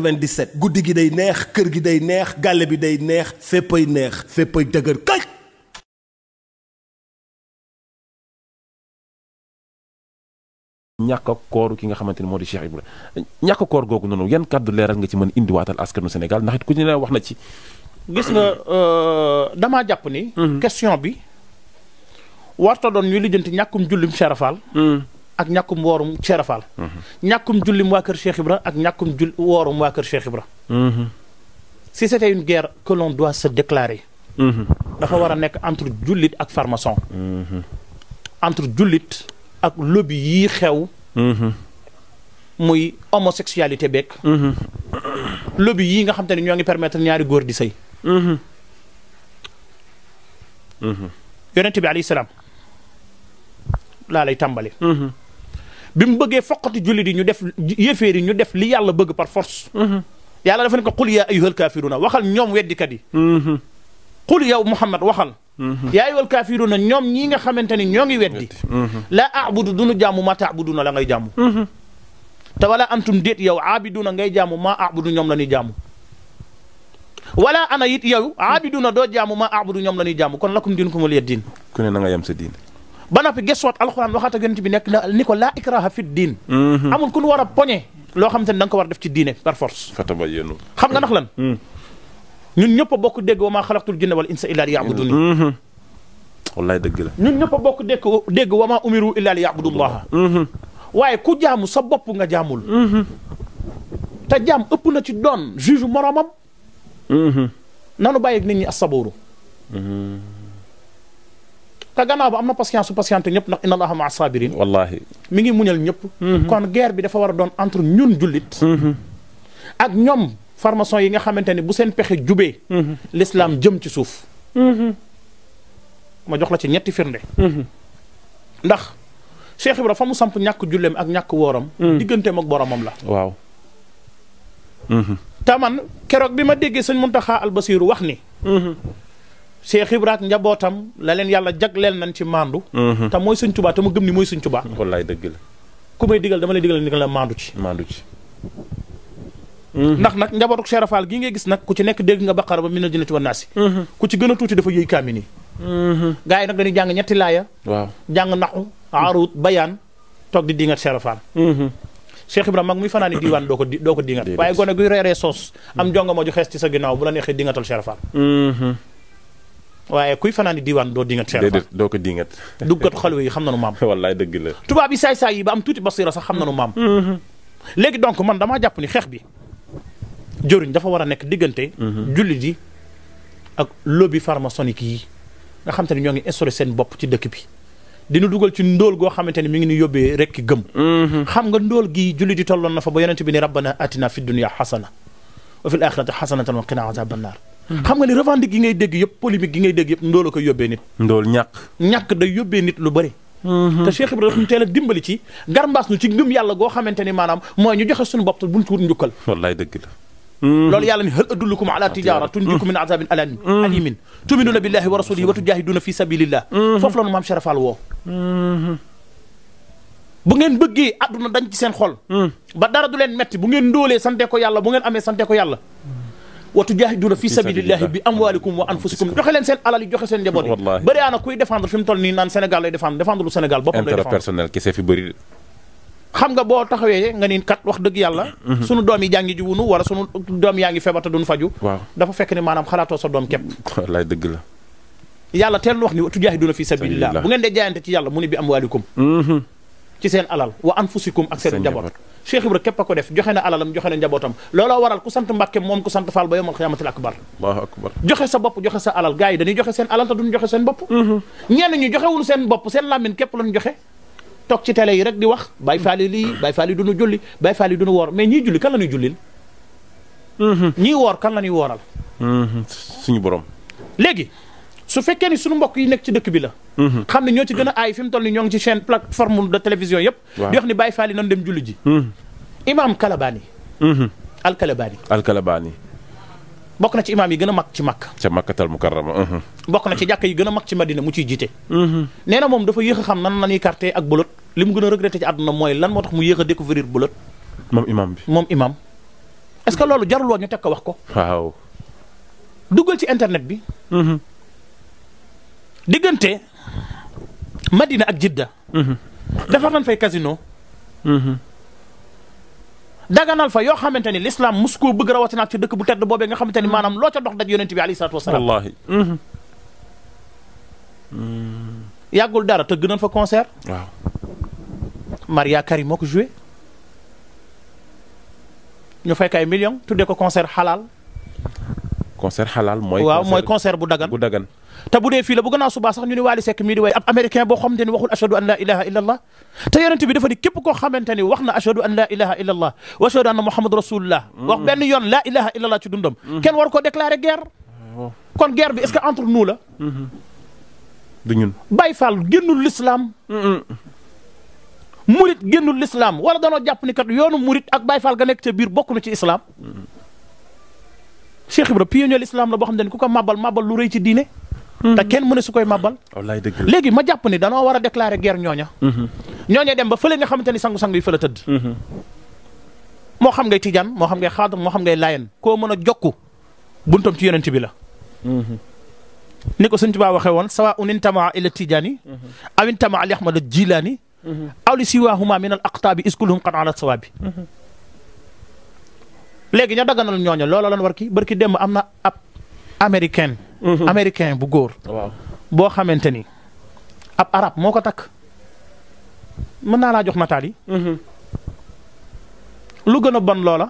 97 guddi gi day neex kër gi day neex gàlle bi day neex féppay neex féppay dëgër kay ñàkk a ki nga xamante ni moo di Cheikh Ibrahima ñàkk a koor googu noonu yan kàddu leeral nga ci mën indiwaatal askanu senegal ndax it ku ñu ne wax na ci. gis nga euh, damaa jàpp ni. Mhm. question bi warta doon ñuy lijjanti ñàkkum jullim Cheikh Fall. Mhm. ak ñàkkum woorum Cheikh Fall. ñàkkum jullim waa kër Cheikh ak ñàkkum jul kër Cheikh Ibra. si c'était une guerre que l'on doit se déclarer. dafa war a nekk entre jullit ak farmaçon. entre jullit ak lobby yii xew. muy homosexualité beeg. lobby yii nga xam te ne ñoo ngi permettre ñaari góor di sëy. yonent bi alayhi salaam laa lay tàmbali. bi mu bëggee foqati jullit yi ñu def yéeféer yi li yàlla bëgg par force. Mhm. yàlla dafa ne ko kul yaa ayyuhal kaafiruuna waxal ñoom weddikat yi. Mhm. qul yow Muhammad waxal. Mhm. yaa ayyuhal kaafiruuna ñoom ñii nga xamante ni ñoo ngi weddi. laa a'budu du nu jaamu maa ta'buduuna la ngay jaamu. te wala antum déet yow aabiduuna ngay jaamu maa a'budu ñoom la ñuy jaamu. wala ana it yow aabiduuna doo jaamu maa a'budu ñoom la ñuy jaamu kon lakum diinukumul yad diin. ku ne na nga yem sa ba noppi gestuwaat alxuraan waxaat ak yonent bi nekk ni ko laa ikraha fi diin mhm. amul ku ñu war a poñe loo xam te ne da nga ko war a def ci diine par force fatabayyanu xam nga ndax lan mhm. ñun ñëpp bokk dégg wa maa xalaqtul jinna wal insa illa li yaabuduni mhm. wallaay dëgg la ñun ñëpp a bokk dégg dégg wa maa umiru illa li yaabudullaha waaye ku jaamu sa bopp nga jaamul te jaam ëpp na ci doon juge moroomam nanu bàyyi nit ñi as sabooru te gannaaw ba am na patience su patiente ñëpp ndax inna allaha maa sabirin wallahi mi ngi muñal ñëpp mhm. kon guerre bi dafa war a doon entre ñun jullit mhm. ak ñoom formation yi nga xamante ni bu seen pexe jubee mhm. l'islam jëm ci suuf ma jox la ci ñetti firnde ndax Cheikh Ibra fa mu samp ñàkk julleem ak ñàkk wooram digganteem ak boromam la waaw man keroog bi ma déggee sëñ Muntaxa Albasiru wax ni Cheikh Ibra ak njabootam la leen yàlla jagleel nañ ci maandu. Mhm. te mooy Sëñ Tuubaa te ma gëm ni mooy Sëñ Tuubaa. wallaay dëgg la. ku may digal dama lay digal ni la maandu ci. Mhm. Mhm. ndax nag njabootu Cheikh Rafal gi ngay gis nag ku ci nekk dégg nga baqara ba mina jinnati wan naasi. ku ci gën a tuuti dafa yëy kaamini. gaa yi nag dañuy jàng ñetti laaya. waaw jàng naxu aarut bayaan toog di dingat Cheikh Rafal. Cheikh Ibrahima mag muy fanaani diiwaan doo ko doo ko dingat waaye gone guy reeree soos. am jongo moo ju xees ci sa ginnaaw bu la neexee dingatal Cheikh Rafal. waaye kuy fanaani diiwaan doo dingat Cheikh déedéet doo ko dingat duggat xalwe yi xam na nu maam wallaay dëgg la tubaab yi saay-saay yi ba am tuuti basira sax xam na nu maam mm-hmm. léegi donc man damaa jàpp ni xeex bi jëriñ dafa war a nekk diggante mm-hmm. julli yi ak lobby pharmaçonique yi nga xam te ne ñoo ngi instauré seen bopp ci dëkk bi dina dugal ci ndóol goo xamante ne mu ngi ni yóbbee rek ki gëm mm-hmm. xam nga ndool gi jullit yi tolloon na fa ba yonent bi ni rabbana atina fi dunya xasana wa fil axirati xasanatan wa qina azaban naar xam nga ni revendique yi ngay dégg yëpp polémique yi ngay dégg yëpp ndóol a koy yóbbee nit. ndóol ñàkk. ñàkk day yóbbee nit lu bëri. Mhm. te Cheikh dimbali ci garmbaas nu ci ngëm yàlla goo xamante ni maanaam mooy ñu joxe suñu bopp te buñ ci wut njukkal. wallaay dëgg la. Mhm. Mhm. loolu yàlla ni hal adullukum ala tijaara tunjikum min azabin alamin alimin tuminuna billahi bu ngeen bëggee àdduna dañ ci seen xol ba dara du leen metti bu ngeen ndóolee sante ko yàlla bu ngeen amee sante ko yàlla wa tujaahiduuna fi sabilillahi bi amwalikum wa anfusikum joxe leen seen alal yi joxe seen njaboot yi bëri ana kuy défendre fi toll nii naan Sénégal lay défendre défendre lu Sénégal boppam lay défendre xam nga boo taxawee nga ni kat wax dëgg yàlla mhm. sunu doom yi jàngi ji wunu wala sunu doom yaa ngi feebar te duñ faju dafa fekk ne maanaam xalaatoo sa doom képp wallaay dëgg la yàlla teel wax ni wa tujaahiduuna fi sabilillah bu ngeen dee jaayante ci yàlla mu ni bi amwalikum mhm. ci seen alal wa anfusikum ak seen njaboot Cheikh Ibra képp a ko def joxe na alalam joxe na njabootam looloo waral ku sant Mbàkke moom ku sant Fall ba yomal xiyaamatil akbar Allahu joxe sa bopp joxe sa alal gars yi dañuy joxe seen alal te duñ joxe seen bopp mhm. ñenn ñu joxewul seen bopp seen làmmiñ képp lañ joxe toog ci télé yi rek di wax Baay Faal yi lii Baay Faal yi duñu julli Baay Faal yi duñu woor mais ñii julli kan la ñuy jullil mhm. ñii woor kan la ñuy wooral mhm. suñu borom su fekkee ni suñu mbokk yi nekk ci dëkk bi la mhm. xam ne ñoo ci gën a aay fi mu toll ni ñoo ngi ci chaîne plateforme de télévision yëpp di wax ni Baye Fall yi nan dem julli ji mhm. imaam Kalabaani mhm. Alkalabaani bokk na ci imaam yi gën a mag ci Makka ca Makkatal Mukarrama bokk na ci jàkk yi gën a mag ci Madina mu ciy jiite nee na moom dafa yéex a xam nan nanuy carte ak bolot li mu gën a regretté ci àdduna mooy lan moo tax mu yéex a découvrir bolot moom imaam bi moom imaam est que loolu jarul woon ñu teg wax ko waaw duggal ci internet bi diggante Madina ak Jidda. Mhm. defar nañ fay casino. Mhm. daganal fa yoo xamante ni l'islam mos koo bëgg rawatina ak ci dëkk bu tedd boobee nga xamante ni maanaam loo ca dox daj yonent bi alayhi salaatu wasalaam. wallaahi. Mhm. Mm. yàggul dara tëgg fa concert. waaw. Maria mook moo ko joué. ñu fekk ay millions tuddee ko concert xalaal. concert xalaal mooy. waaw mooy concert bu dagan bu dagan. te bu dee fii la bu gannaaw subaa sax ñu ne Wally Seck mii di way ab américain boo xamante ni waxul ashadu an la ilaha illa allah te bi dafa ni képp koo xamante ni wax na ashadu an la ilaha illa allah wa ashadu anna muhammad rasulullah wax benn yoon la ilaha illa allah ci dundam kenn war koo déclarer guerre kon guerre bi est-ce que entre nous la du ñun Baye Fall génnul l'islam murit génnul l'islam wala danoo jàpp ni kat yoonu murit ak Baye ga nekk ca biir bokk na ci islam Cheikh Ibra pionnier l'islam la boo xam ne ku ko mabal mabal lu rëy ci diine te kenn mën a su koy màbbal léegi ma jàpp ni danoo war a déclarer guerre ñooña mhm. ñooña dem ba fële nga xamante ni sangu-sangu yi fële tëdd mhm. moo xam ngay tijaan moo xam ngay xaadir moo xam ngay laayen koo mën a jokku buntam ci yonent bi la mhm. ni ko sëñ Tuubaa waxee woon sawa un intamaa ila tijaani aw intamaa li ahmad jilaani aw li siwaahuma min al aqtaabi iskuluhum qad ala sawaabi léegi ña daganal ñooña loola lan war ki barki démb am na Mhm. américain bu góor. boo xamante ni ab arab moo ko takk mën naa laa jox nataal mhm. lu gën a ban loola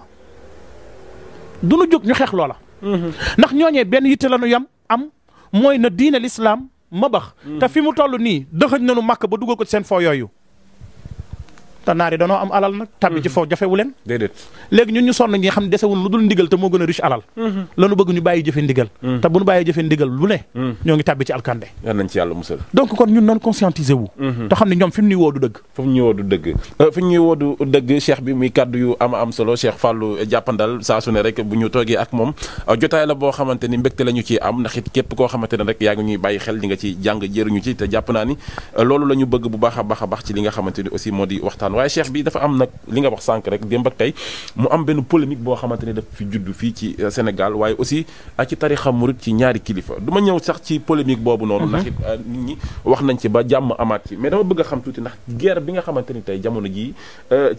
du nu jóg ñu xeex loola. Mhm. ndax ñooñee benn yitte la ñu yam am mooy na diine lislaam ma bax te fi mu toll nii dëxëñ na nu màkk ba dugal ko seen foo yooyu. te naar yi danoo am alal nag tabbi ci mhm. foofu jafewu leen déedéet léegi ñun ñu sonn ñi xam ne desewul lu dul ndigal te moo gën a riche alal mhm. lanu bëgg ñu bàyyi jëfe ndigal mhm. te bu ñu bàyyi jëfe ndigal lu ne ñoo ngi tabbi ci alkande nañ ci yàlla musal donc kon ñun noonu conscientiser te xam ne ñoom fi mu ñuy dëgg fi ñuy woo dëgg euh, fi bi muy kàddu yu ama am solo cheikh Fallou jàppandal saa su rek bu ñu toogee ak moom euh, jotaay la boo xamante ni mbégte la ñu euh, a a waaye cheikh bi dafa am nag li nga wax sànq rek démb ak tey mu am benn polémique boo xamante ne daf fi juddu fii ci euh, Sénégal waaye aussi ak euh, ci tarixa murit ci ñaari kilifa du ñëw sax ci polémique boobu noonu mhm. ndax euh, nit ñi wax nañ ci ba jàmm amaat ci mais dama bëgg xam tuuti ndax guerre bi nga xamante ni tey jamono ji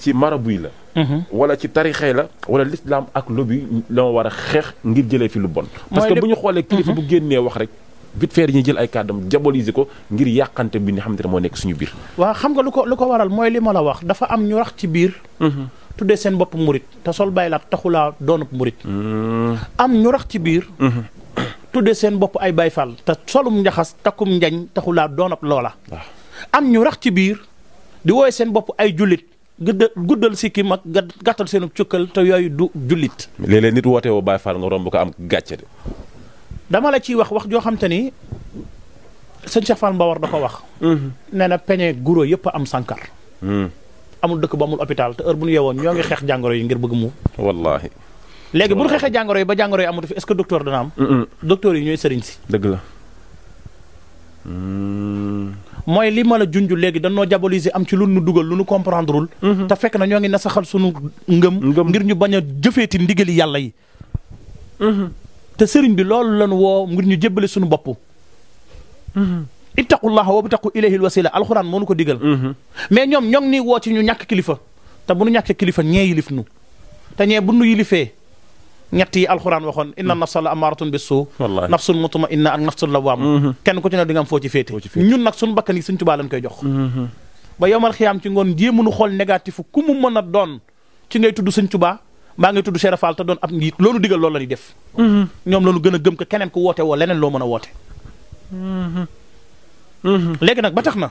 ci marabu yi la mhm. wala ci tarixee la wala l'islam ak lobby la ma war a xeex ngir jëlee fi lu bon parce que bu ñu xoolee kilifa mhm. bu génnee wax rek vite fait dañuy jël ay kàddam diaboliser ko ngir yàqante bi nga xamante ne moo nekk suñu biir. waa xam nga lu ko lu ko waral mooy li ma la wax dafa am ñu rax ci biir. Mhm. tuddee seen bopp murit te sol bàyyi laat taxulaa doonub murit. Mhm. am ñu ci biir. Mhm. tuddee seen bopp ay bayfal te solum njaxas takkum njañ taxulaa doonab loola. am ñu rax ci biir di wooye seen bopp ay jullit. guddal guddal mag ak gàttal seenu cukkal te yooyu du jullit. léeg-léeg nit woote woo Baay Faal nga romb ko am gàcce de. dama la ciy wax wax joo xam te ni sëñ Cheikh Mbawar da ko wax. Mhm. nee na peñe guro yëpp am sànkar. Mhm. amul dëkk ba amul hôpital te heure bu ñu yeewoon ñoo ngi xeex jàngoro yi ngir bëgg mu. wallaahi. léegi bu ñu xeexee jàngoro yi ba jàngoro yi amatu fi est-ce que docteur dana am. docteur yi ñooy sëriñ si. dëgg la. Mm. mooy li ma la junj léegi danoo diaboliser am ci lu nu dugal lu nu comprendrewul mm-hmm. te fekk na ñoo ngi nasaxal sunu ngëm. ngëm ngir ñu bañ a jëfeeti ndigali yàlla yi. Mm-hmm. te sëriñ bi loolu lañu woo ngir ñu jébbale suñu bopp mm-hmm. ittaqullaha wa btaqu ilayhil wasila alxuraan moo nu ko digal mm-hmm. mais ñoom ñoo ngi nii woo ci ñu ñàkk kilifa te bu nu ñàkkee kilifa ñee yilif nu te ñee bu nu yilifee ñett yi alxuraan waxoon inna mm. nafsa la amaaratun bi suu nafsun mutma inna ak nafsun lawaam mm-hmm. kenn ku ci ne di foo ci féete ñun nag suñu bakkan yi suñ tubaa lañ koy jox ba yowmal xiyaam ci ngoon jéemunu xool négatif mu mën a doon ci ngay tudd suñ tubaa maa ngi tudd Cheikh Fall doon ab njiit loolu digal loolu la ñuy def. Mm-hmm. ñoom loolu gën a gëm ko keneen ku woote woo leneen loo mën a woote. Mm-hmm. Mm-hmm. léegi nag ba tax na.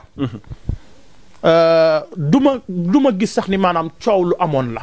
Euh, du ma du ma gis sax ni maanaam coow lu amoon la.